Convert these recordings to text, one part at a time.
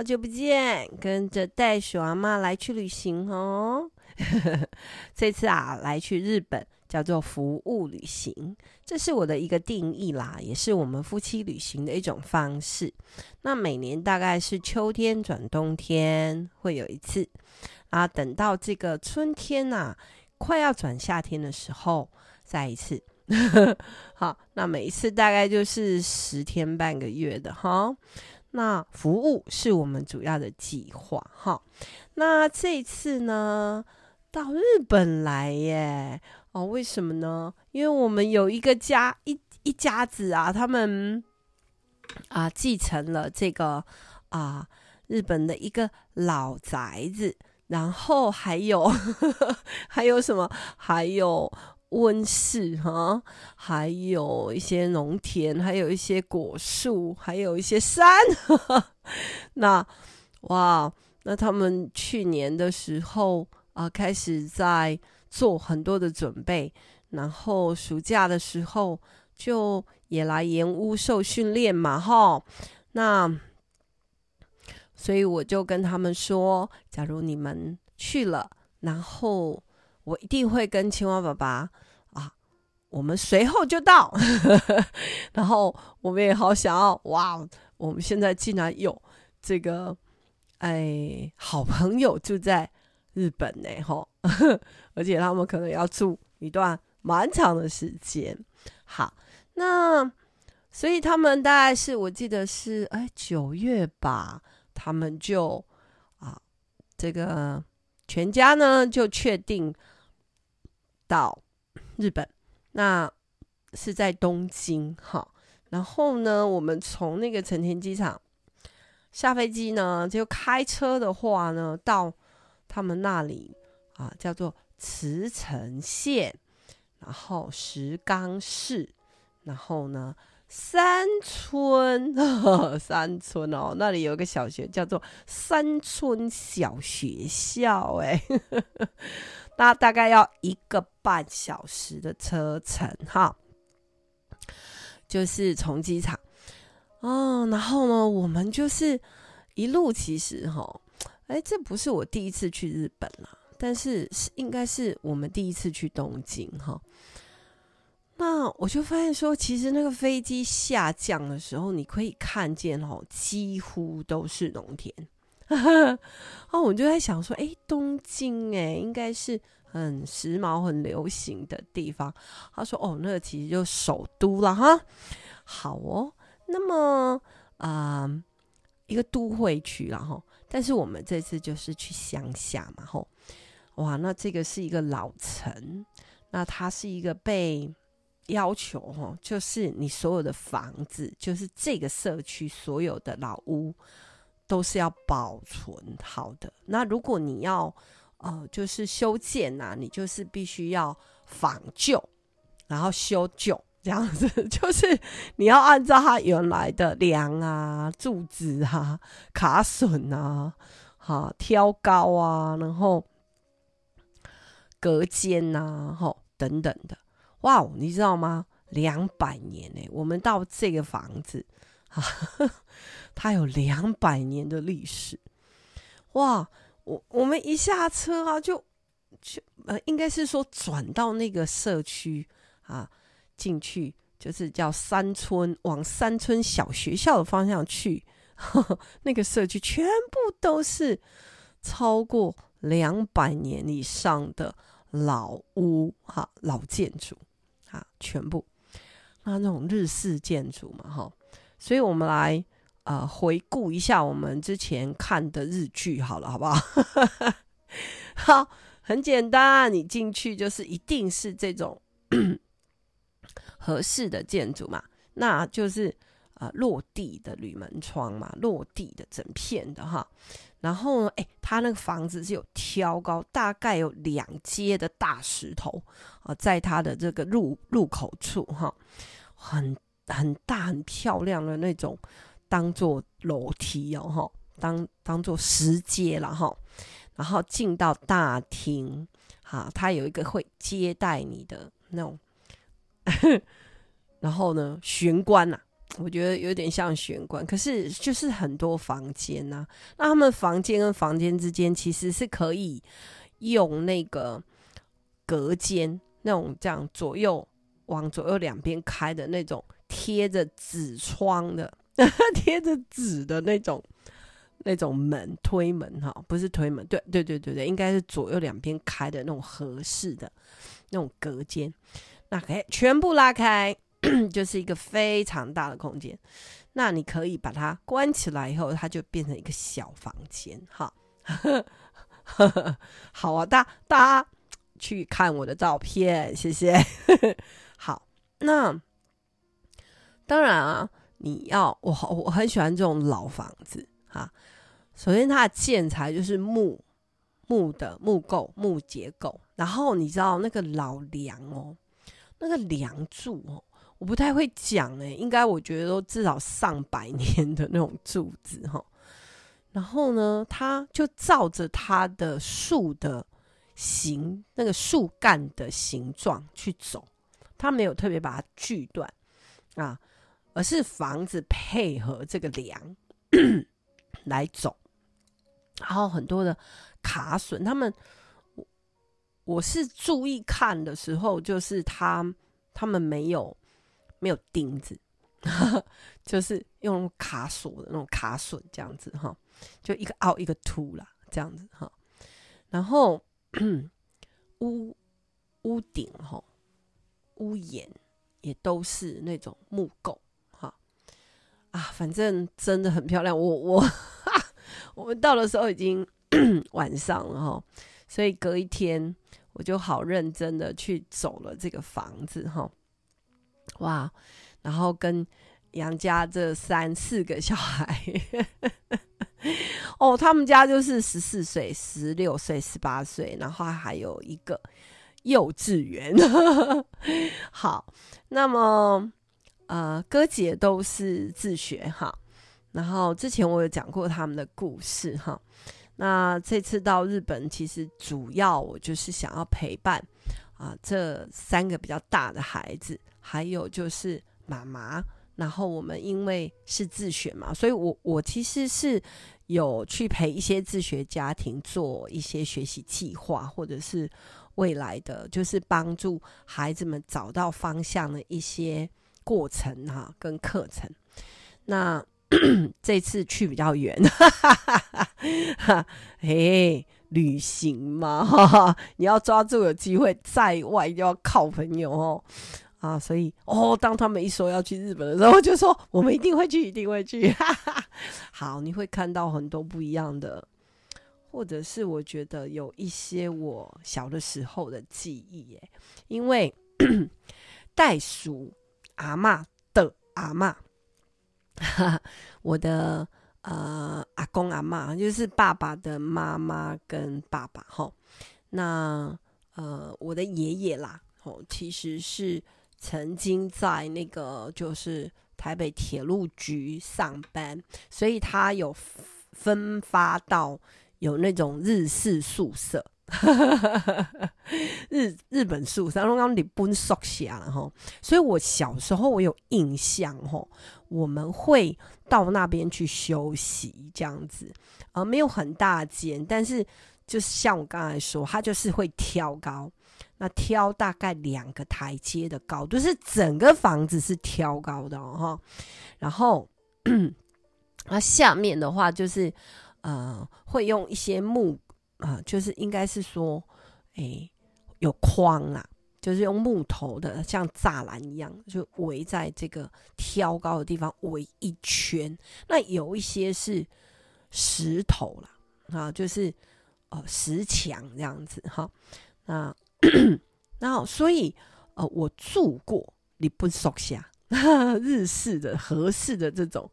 好久不見，跟着袋鼠阿媽來去旅行哦。 這次啊，來去日本，叫做服務旅行，這是我的一個定義啦，也是我們夫妻旅行的一種方式。那每年大概是秋天轉冬天會有一次，啊，等到這個春天吶、啊，快要轉夏天的時候再一次。 好，那每一次大概就是十天半個月的哈。那服務是我們主要的計劃哈，那這次呢，到日本來耶哦，為什麼呢？因為我們有一個家一一家子啊，他們啊繼承了這個啊日本的一個老宅子，然後還有呵呵還有什麼？還有。溫室哈、啊，還有一些農田，還有一些果樹，還有一些山。呵呵那哇，那他們去年的時候啊、呃，開始在做很多的準備，然後暑假的時候就也來延烏受訓練嘛，哈。那所以我就跟他們說，假如你們去了，然後。我一定會跟青蛙爸爸啊，我們隨後就到。 然後我們也好想要哇，我們現在竟然有這個哎好朋友住在日本呢，吼， 而且他們可能要住一段蠻長的時間。好，那所以他們大概是我記得是哎九月吧，他們就啊這個全家呢就確定到日本，那是在東京哈。然後呢，我們從那個成田機場下飛機呢，就開車的話呢，到他們那裡啊，叫做茨城縣，然後石岡市，然後呢三村，呵呵，三村哦，那裡有個小學叫做三村小學校，哎。那大概要一個半小時的車程，哈，就是從機場，哦，然後呢，我們就是一路其實、哦，哈，哎，這不是我第一次去日本了，但是是，應該是我們第一次去東京，哈、哦。那我就發現說，其實那個飛機下降的時候，你可以看見，哦，幾乎都是農田。哈， 哦，我就在想說，哎，東京，哎，應該是很時髦、很流行的地方。他說，哦，那個、其實就首都了，哈。好哦，那麼，啊、呃，一個都會區，然、哦、後，但是我們這次就是去鄉下嘛，哈、哦。哇，那這個是一個老城，那它是一個被要求，哈、哦，就是你所有的房子，就是這個社區所有的老屋。都是要保存好的。那如果你要呃，就是修建啊，你就是必須要仿舊，然後修舊，這樣子，就是你要按照它原來的樑啊、柱子啊、卡榫啊、哈、啊、挑高啊，然後隔間啊，哈等等的。哇哦，你知道嗎？兩百年哎、欸，我們到這個房子。啊，它有兩百年的歷史，哇！我我們一下車啊，就就呃，應該是說轉到那個社區啊，進去就是叫三村，往三村小學校的方向去。呵那個社區全部都是超過兩百年以上的老屋，哈、啊，老建築啊，全部那那種日式建築嘛，哈。所以，我們來呃回顧一下我們之前看的日劇，好了，好不好？ 好，很簡單、啊，你進去就是一定是這種 合適的建築嘛，那就是呃落地的鋁門窗嘛，落地的整片的哈。然後呢，哎，他那個房子是有挑高，大概有兩階的大石頭啊、呃，在他的這個入入口處哈，很。很大很漂亮的那種，當做樓梯哦，哦當當做石階了哈、哦，然後進到大廳，哈、啊，它有一個會接待你的那種， 然後呢，玄關啊，我覺得有點像玄關，可是就是很多房間啊，那他們房間跟房間之間其實是可以用那個隔間，那種這樣左右往左右兩邊開的那種。貼着紙窗的，貼着紙的那種那種門，推門哈、喔，不是推門，對對對對對，應該是左右兩邊開的那種和式的那種隔間，那可以全部拉開， 就是一個非常大的空間。那你可以把它關起來以後，它就變成一個小房間哈。好， 好啊，大大家去看我的照片，謝謝。 好，那。當然啊，你要我我很喜歡這種老房子啊。首先，它的建材就是木木的木構木結構，然後你知道那個老樑哦，那個樑柱哦，我不太會講哎，應該我覺得都至少上百年的那種柱子哦，然後呢，它就照着它的樹的形，那個樹幹的形狀去走，它沒有特別把它鋸斷啊。而是房子配合這個梁 來走，然後很多的卡榫，他們我，我是注意看的時候，就是他他們沒有沒有釘子， 就是用卡鎖的那種卡榫這樣子哈，就一個凹一個凸啦這樣子哈，然後 屋屋頂哈屋檐也都是那種木構。啊，反正真的很漂亮。我我 我們到的時候已經 晚上了哈，所以隔一天我就好認真地去走了這個房子哈。哇，然後跟楊家這三四個小孩， 哦，他們家就是十四歲、十六歲、十八歲，然後還有一個幼稚園。 好，那麼。呃，哥姐都是自學哈，然後之前我有講過他們的故事哈。那這次到日本，其實主要我就是想要陪伴啊、呃，這三個比較大的孩子，還有就是媽媽。然後我們因為是自學嘛，所以我我其實是有去陪一些自學家庭做一些學習計劃，或者是未來的就是幫助孩子們找到方向的一些。過程哈、啊、跟課程，那咳咳這次去比較遠， 哎，旅行嘛呵呵，你要抓住有機會，在外要靠朋友哦，啊，所以哦，當他們一說要去日本的時候，我就說我們一定會去，一定會去， 好，你會看到很多不一樣的，或者是我覺得有一些我小的時候的記憶耶、欸，因為 袋鼠，阿媽的阿媽， 我的呃阿公阿媽，就是爸爸的媽媽跟爸爸吼。那呃我的爺爺啦，哦其實是曾經在那個就是台北鐵路局上班，所以他有分發到有那種日式宿舍。哈， 日本都日本宿舍，山後他們里不熟悉啊，哈，所以我小時候我有印象，吼，我們會到那邊去休息這樣子，而、呃、沒有很大間，但是就是、像我剛才說，它就是會挑高，那挑大概兩個台階的高，就是整個房子是挑高的吼，然後，那 下面的話就是呃，會用一些木。啊、呃，就是應該是說，誒、欸，有框啊，就是用木頭的，像柵欄一樣，就圍在這個挑高的地方圍一圈。那有一些是石頭啦，啊，就是呃石牆這樣子哈。那、啊， 然後所以呃，我住過，日本宿舍啊，日式的、和式的這種，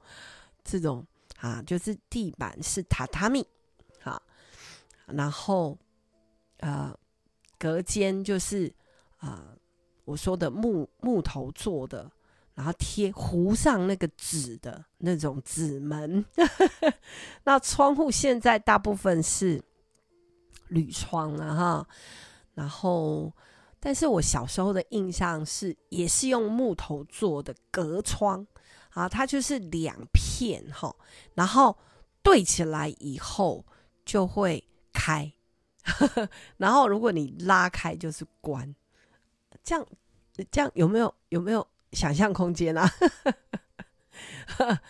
這種啊，就是地板是榻榻米。然後，呃，隔間就是啊、呃，我說的木木頭做的，然後貼糊上那個紙的那種紙門。 那窗戶現在大部分是鋁窗了、啊、哈。然後，但是我小時候的印象是，也是用木頭做的隔窗啊，它就是兩片哈，然後對起來以後就會。開，然後如果你拉開就是關，這樣這樣，有沒有有沒有想象空間啊？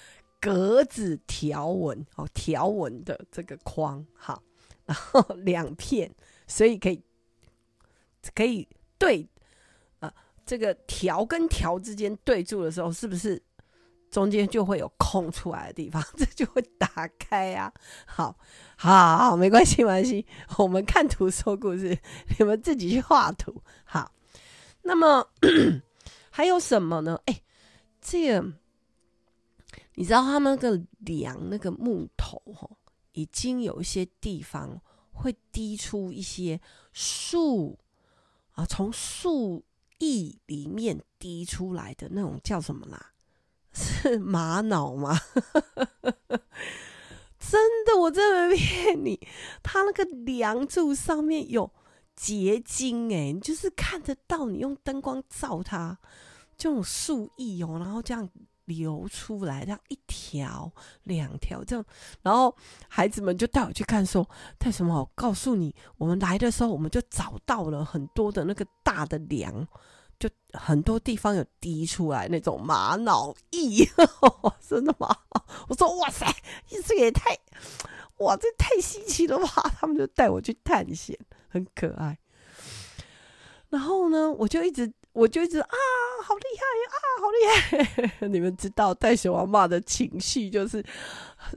格子條紋哦，條紋的這個框哈，然後兩片，所以可以可以對啊、呃，這個條跟條之間對住的時候，是不是？中間就會有空出來的地方，這就會打開啊，好好，好好，沒關係，沒關係。我們看圖說故事，你們自己去畫圖。好，那麼咳咳還有什麼呢？哎、欸，這個你知道他們那個梁那個木頭已經有一些地方會滴出一些樹啊，從樹液裡面滴出來的那種叫什麼啦？是瑪瑙嗎？ 真的，我真沒騙你。它那個樑柱上面有結晶、欸，你就是看得到。你用燈光照它，這種樹液哦、喔，然後這樣流出來，這樣一條兩條這樣。然後孩子們就帶我去看，說：“帶什麼？我告訴你，我們來的時候我們就找到了很多的那個大的樑。”就很多地方有滴出來那種瑪瑙液呵呵，真的嗎？我說哇塞，這也太哇，這太稀奇了吧！他們就帶我去探險，很可愛。然後呢，我就一直，我就一直啊，好厲害啊，好厲害！啊、好厲害 你們知道，帶小娃娃的情緒就是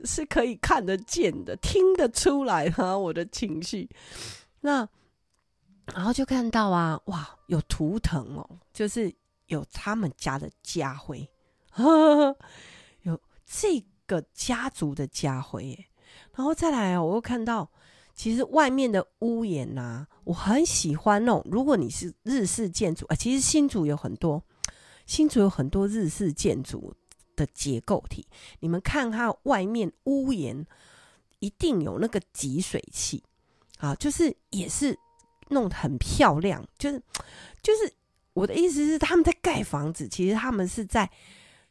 是可以看得見的，聽得出來的，我的情緒。那。然後就看到啊，哇，有圖騰哦，就是有他們家的家徽，呵呵呵，有這個家族的家徽。然後再來啊，我又看到，其實外面的屋檐吶、啊，我很喜歡哦。如果你是日式建築啊，其實新竹有很多，新竹有很多日式建築的結構體。你們看，它外面屋檐一定有那個集水器啊，就是也是。弄得很漂亮，就是，就是我的意思是，他們在蓋房子，其實他們是在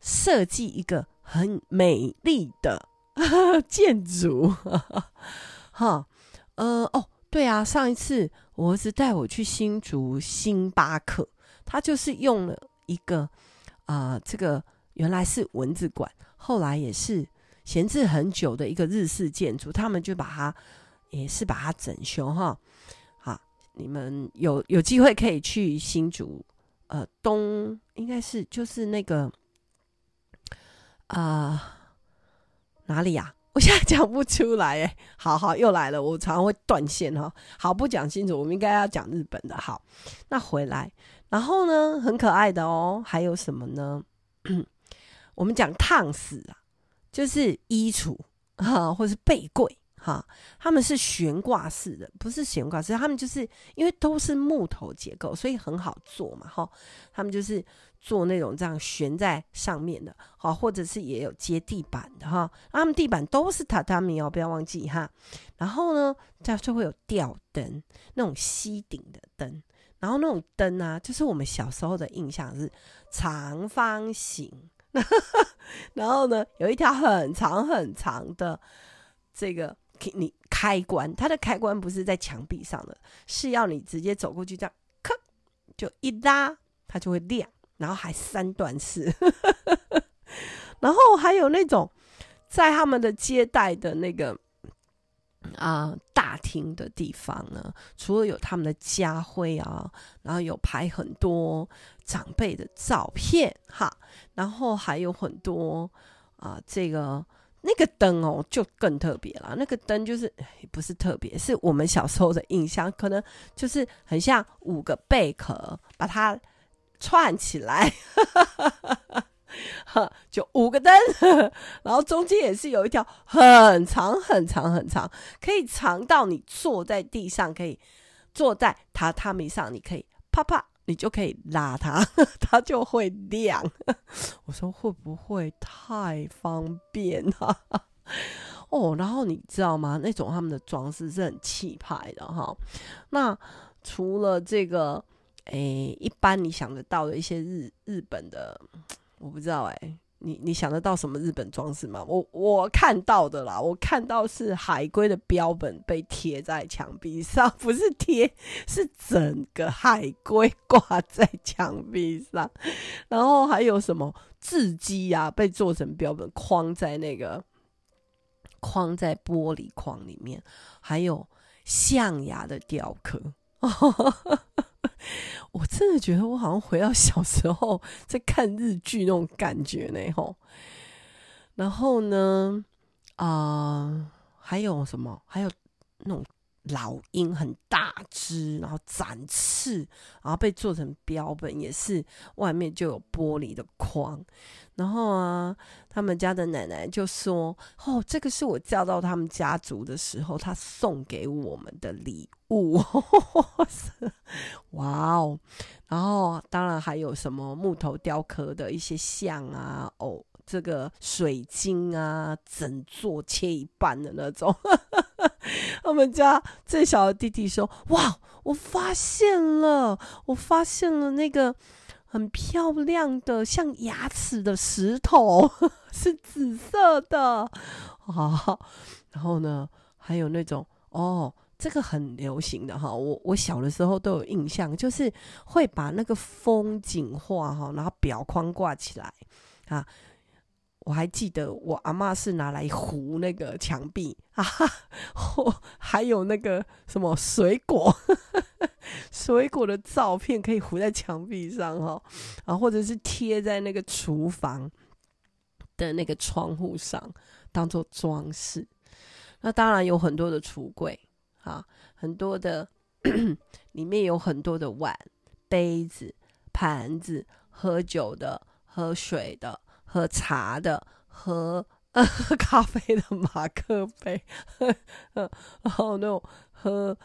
設計一個很美麗的呵呵建築，哈、呃，哦，對啊，上一次我兒子帶我去新竹星巴克，他就是用了一個啊、呃，這個原來是蚊子館，後來也是閒置很久的一個日式建築，他們就把它也是把它整修，哈。你們有有機會可以去新竹，呃，東應該是就是那個，啊、呃，哪裡啊？我現在講不出來誒，好好，又來了，我常常會斷線哦。好，不講新竹，我們應該要講日本的。好，那回來，然後呢，很可愛的哦。還有什麼呢？ 我們講燙死啊，就是衣櫥哈，或是被櫃。哈，他們是懸掛式的，不是懸掛式，他們就是因為都是木頭結構，所以很好做嘛，哈，他們就是做那種這樣懸在上面的，哈，或者是也有接地板的，哈，他們地板都是榻榻米哦，不要忘記哈，然後呢，這樣就會有吊燈，那種吸頂的燈，然後那種燈啊，就是我們小時候的印象是長方形， 然後呢，有一條很長很長的這個。你開關，它的開關不是在牆壁上的，是要你直接走過去，這樣，咔，就一拉，它就會亮，然後還三段式， 然後還有那種在他們的接待的那個啊、呃、大廳的地方呢，除了有他們的家徽啊，然後有拍很多長輩的照片哈，然後還有很多啊、呃、這個。那個燈哦、喔，就更特別了。那個燈就是，不是特別，是我們小時候的印象，可能就是很像五個貝殼，把它串起來， 就五個燈， 然後中間也是有一條很長、很長、很長，可以長到你坐在地上，可以坐在榻榻米上，你可以啪啪。你就可以拉它，呵呵，它就會亮。 我說會不會太方便了、啊？ 哦，然後你知道嗎？那種他們的裝飾是很氣派的哈。那除了這個，哎、欸，一般你想得到的一些日日本的，我不知道哎、欸。你你想得到什麼日本裝飾嗎？我我看到的啦，我看到是海龜的標本被貼在牆壁上，不是貼，是整個海龜掛在牆壁上，然後還有什麼雉雞呀、啊，被做成標本，框在那個框在玻璃框裡面，還有象牙的雕刻。 我真的覺得我好像回到小時候在看日劇那種感覺呢吼，然後呢，啊、呃，還有什麼？還有那種老鷹很大只，然後展翅，然後被做成標本，也是外面就有玻璃的框。然後啊，他們家的奶奶就說：“哦，這個是我嫁到他們家族的時候，他送給我們的禮物。”五、哦，哇哦！然後當然還有什麼木頭雕刻的一些像啊，哦，這個水晶啊，整座切一半的那種。我們家最小的弟弟說：“哇，我發現了，我發現了那個很漂亮的像牙齒的石頭呵呵，是紫色的啊。哦”然後呢，還有那種哦。這個很流行的哈，我我小的時候都有印象，就是會把那個風景畫哈，然後裱框，掛起來啊。我還記得我阿嬤是拿來糊那個牆壁啊，或還有那個什麼水果，水果的照片可以糊在牆壁上哈，啊，或者是貼在那個廚房的那個窗戶上當做裝飾。那當然有很多的櫥櫃。啊，很多的咳咳，裡面有很多的碗、杯子、盤子，喝酒的、喝水的、喝茶的、喝喝、呃、咖啡的馬克杯，呵呵，然後那種喝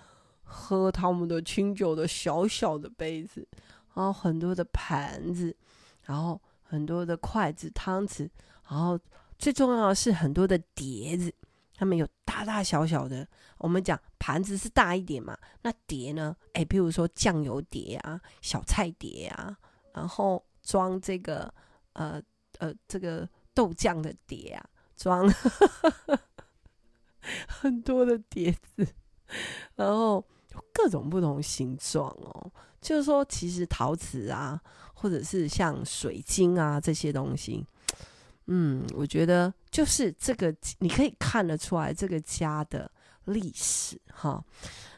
喝他們的清酒的小小的杯子，然後很多的盤子，然後很多的筷子、湯匙，然後最重要的是很多的碟子。他們有大大小小的，我們講盤子是大一點嘛？那碟呢？哎，比如說醬油碟啊，小菜碟啊，然後裝這個呃呃這個豆醬的碟啊，裝 很多的碟子，然後各種不同形狀哦。就是說，其實陶瓷啊，或者是像水晶啊這些東西。嗯，我覺得就是這個，你可以看得出來這個家的歷史哈、哦。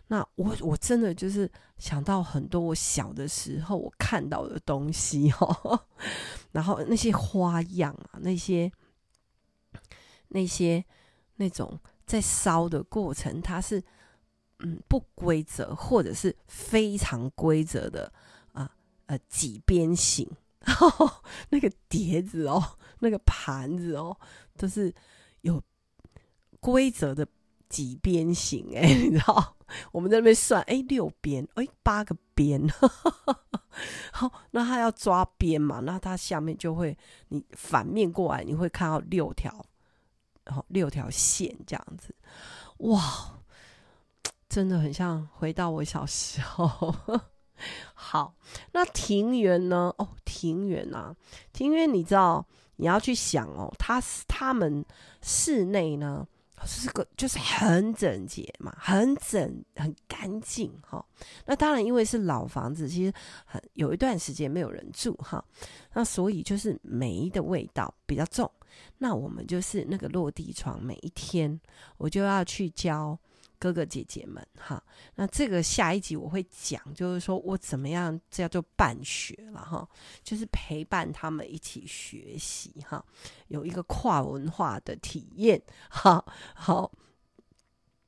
那我我真的就是想到很多我小的時候我看到的東西哈，哦、 然後那些花樣啊，那些那些那種在燒的過程，它是嗯不規則，或者是非常規則的啊呃幾邊形。呃然後那個碟子哦，那個盤子哦，都是有規則的幾邊形誒，你知道？我們在那邊算，誒，六邊，誒，八個邊。 好，那他要抓邊嘛？那他下面就會，你反面過來，你會看到六條，然後六條線這樣子。哇，真的很像回到我小時候。 好，那庭院呢？哦，庭院吶、啊，庭院，你知道你要去想哦，它他，他們室內呢、就是個就是很整潔嘛，很整很乾淨哈、哦。那當然，因為是老房子，其實很有一段時間沒有人住哈，那所以就是霉的味道比較重。那我們就是那個落地床，每一天我就要去澆。哥哥姐姐們，哈，那這個下一集我會講，就是說我怎麼樣這叫做伴學了哈，就是陪伴他們一起學習哈，有一個跨文化的體驗，好好。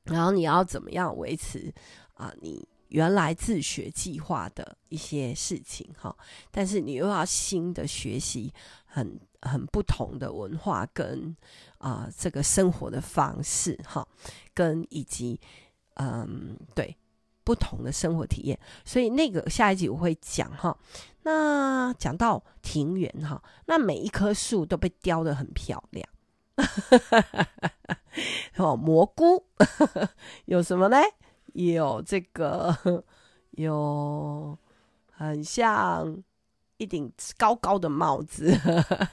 然後你要怎麼樣維持啊？你原來自學計劃的一些事情哈，但是你又要新的學習很多。很不同的文化跟啊、呃，這個生活的方式哈，跟以及嗯，對不同的生活體驗，所以那個下一集我會講哈。那講到庭園哈，那每一棵樹都被雕得很漂亮。 哦，蘑菇 有什麼呢？有這個，有很像。一頂高高的帽子，呵呵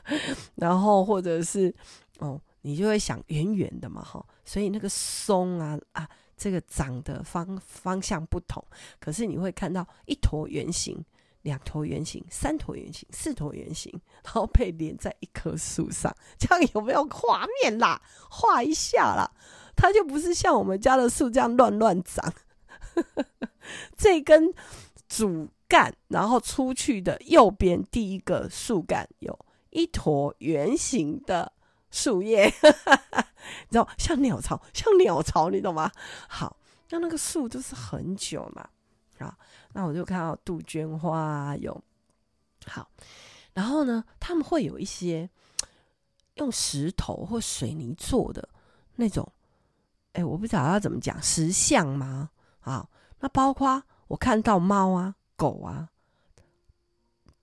然後或者是哦，你就會想圓圓的嘛，吼，所以那個松啊啊，這個長的方方向不同，可是你會看到一坨圓形、兩坨圓形、三坨圓形、四坨圓形，然後被連在一棵樹上，這樣有沒有畫面啦？畫一下啦，它就不是像我們家的樹這樣亂亂長，呵呵這根主。然後出去的右邊第一個樹幹有一坨圓形的樹葉， 你知道像鳥巢，像鳥巢，你懂嗎？好，那那個樹就是很久嘛，好，那我就看到杜鵑花、啊、有好，然後呢，他們會有一些用石頭或水泥做的那種，哎，我不知道要怎麼講，石像嗎？啊，那包括我看到貓啊。狗啊，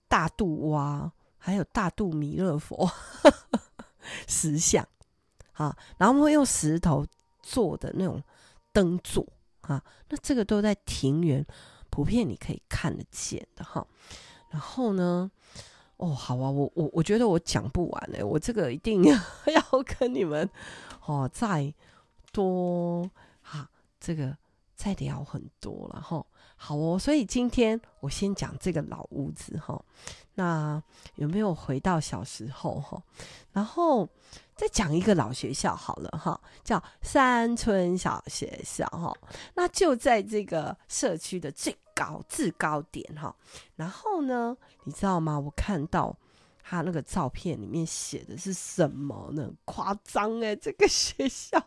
大肚蛙，還有大肚彌勒佛 石像啊，然後會用石頭做的那種燈座啊，那這個都在庭園普遍你可以看得見的哈、啊。然後呢，哦，好啊，我我我覺得我講不完哎、欸，我這個一定要跟你們哦、啊、再多哈、啊，這個。再聊很多了哈，好哦，所以今天我先講這個老屋子哈，那有沒有回到小時候哈？然後再講一個老學校好了哈，叫三村小學校哈，那就在這個社區的最高制高點哈。然後呢，你知道嗎？我看到他那個照片裡面寫的是什麼呢？誇張哎、欸，這個學校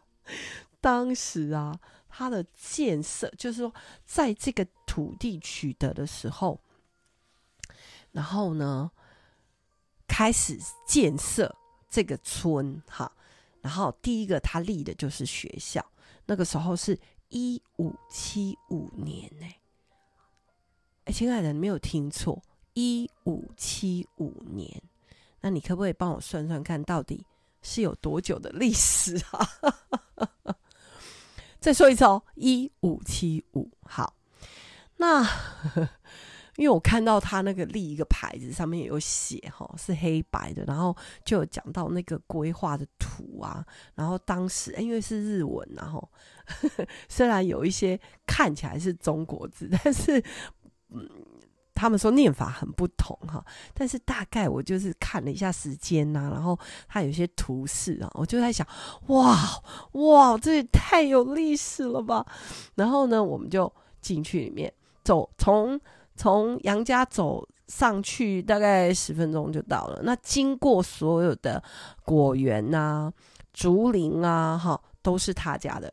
當時啊。他的建設就是說，在這個土地取得的時候，然後呢，開始建設這個村哈。然後第一個他立的就是學校，那個時候是一五七五年哎、欸，哎，親愛的，你沒有聽錯，一五七五年。那你可不可以幫我算算看到底是有多久的歷史啊？ 再說一次哦，一五七五。好，那呵呵因為我看到他那個立一個牌子，上面也有寫哈、喔，是黑白的，然後就有講到那個規劃的圖啊，然後當時、欸、因為是日文，然後呵呵雖然有一些看起來是中國字，但是嗯。他們說唸法很不同哈，但是大概我就是看了一下時間吶，然後他有些圖示啊，我就在想，哇哇，這也太有歷史了吧！然後呢，我們就進去裡面走，從從楊家走上去，大概十分鐘就到了。那經過所有的果園吶、竹林啊，哈，都是他家的。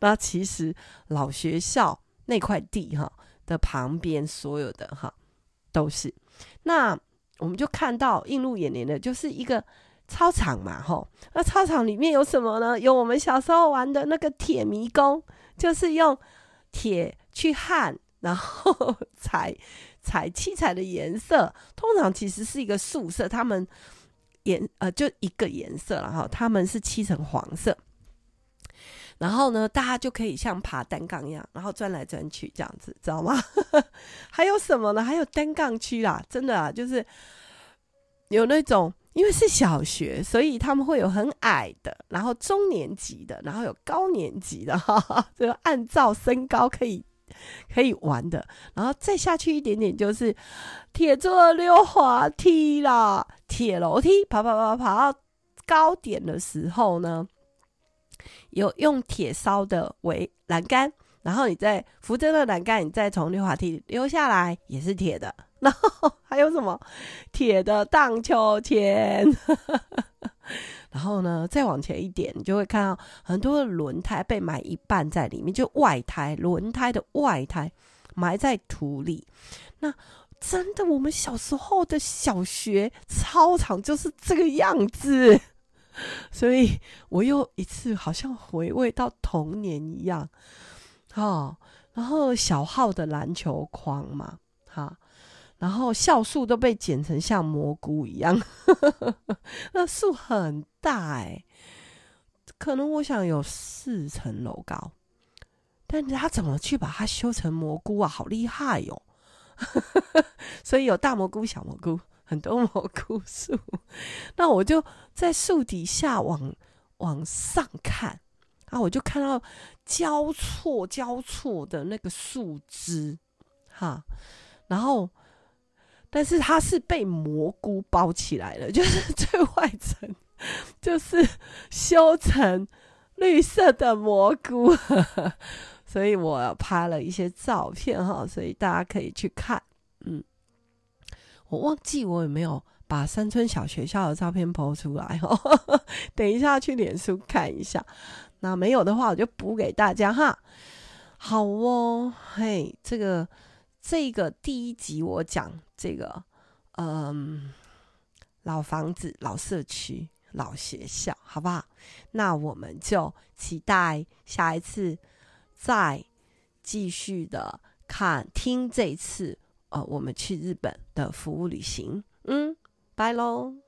那 其實老學校那塊地哈。的旁邊所有的哈都是，那我們就看到映入眼簾的就是一個操場嘛，哈，那操場裡面有什麼呢？有我們小時候玩的那個鐵迷宮，就是用鐵去焊，然後踩踩七彩的顏色，通常其實是一個素色，他們顏呃就一個顏色了哈，他們是漆成黃色。然後呢，大家就可以像爬單槓一樣，然後轉來轉去這樣子，知道嗎？ 還有什麼呢？還有單槓區啦，真的啊，就是有那種，因為是小學，所以他們會有很矮的，然後中年級的，然後有高年級的，哈哈，就按照身高可以可以玩的。然後再下去一點點，就是鐵做溜滑梯啦，鐵樓梯，爬爬爬，爬，爬，爬到高點的時候呢，有用鐵燒的圍欄杆，然後你再扶着那欄杆，你再從溜滑梯溜下來，也是鐵的。然後還有什麼鐵的盪秋千？ 然後呢，再往前一點，你就會看到很多的輪胎被埋一半在裡面，就是、外胎，輪胎的外胎埋在土裡。那真的，我們小時候的小學操場就是這個樣子。所以我又一次好像回味到童年一樣，哈、哦，然後小號的籃球框嘛，哈、哦，然後校樹都被剪成像蘑菇一樣，呵呵呵，那樹很大哎、欸，可能我想有四層樓高，但是他怎麼去把它修成蘑菇啊？好厲害喲、哦，所以有大蘑菇、小蘑菇。很多蘑菇樹，那我就在樹底下往往上看啊，我就看到交錯交錯的那個樹枝，哈，然後但是它是被蘑菇包起來了，就是最外層就是修成綠色的蘑菇，呵呵，所以我拍了一些照片哈，所以大家可以去看。我忘記我有沒有把三村小學校的照片播出來哦， 等一下去臉書看一下。那沒有的話，我就補給大家哈。好哦，嘿，這個這個第一集我講這個，嗯，老房子、老社區、老學校，好不好？那我們就期待下一次再繼續的看聽這次。哦，我們去日本的服務旅行。嗯，拜嘍。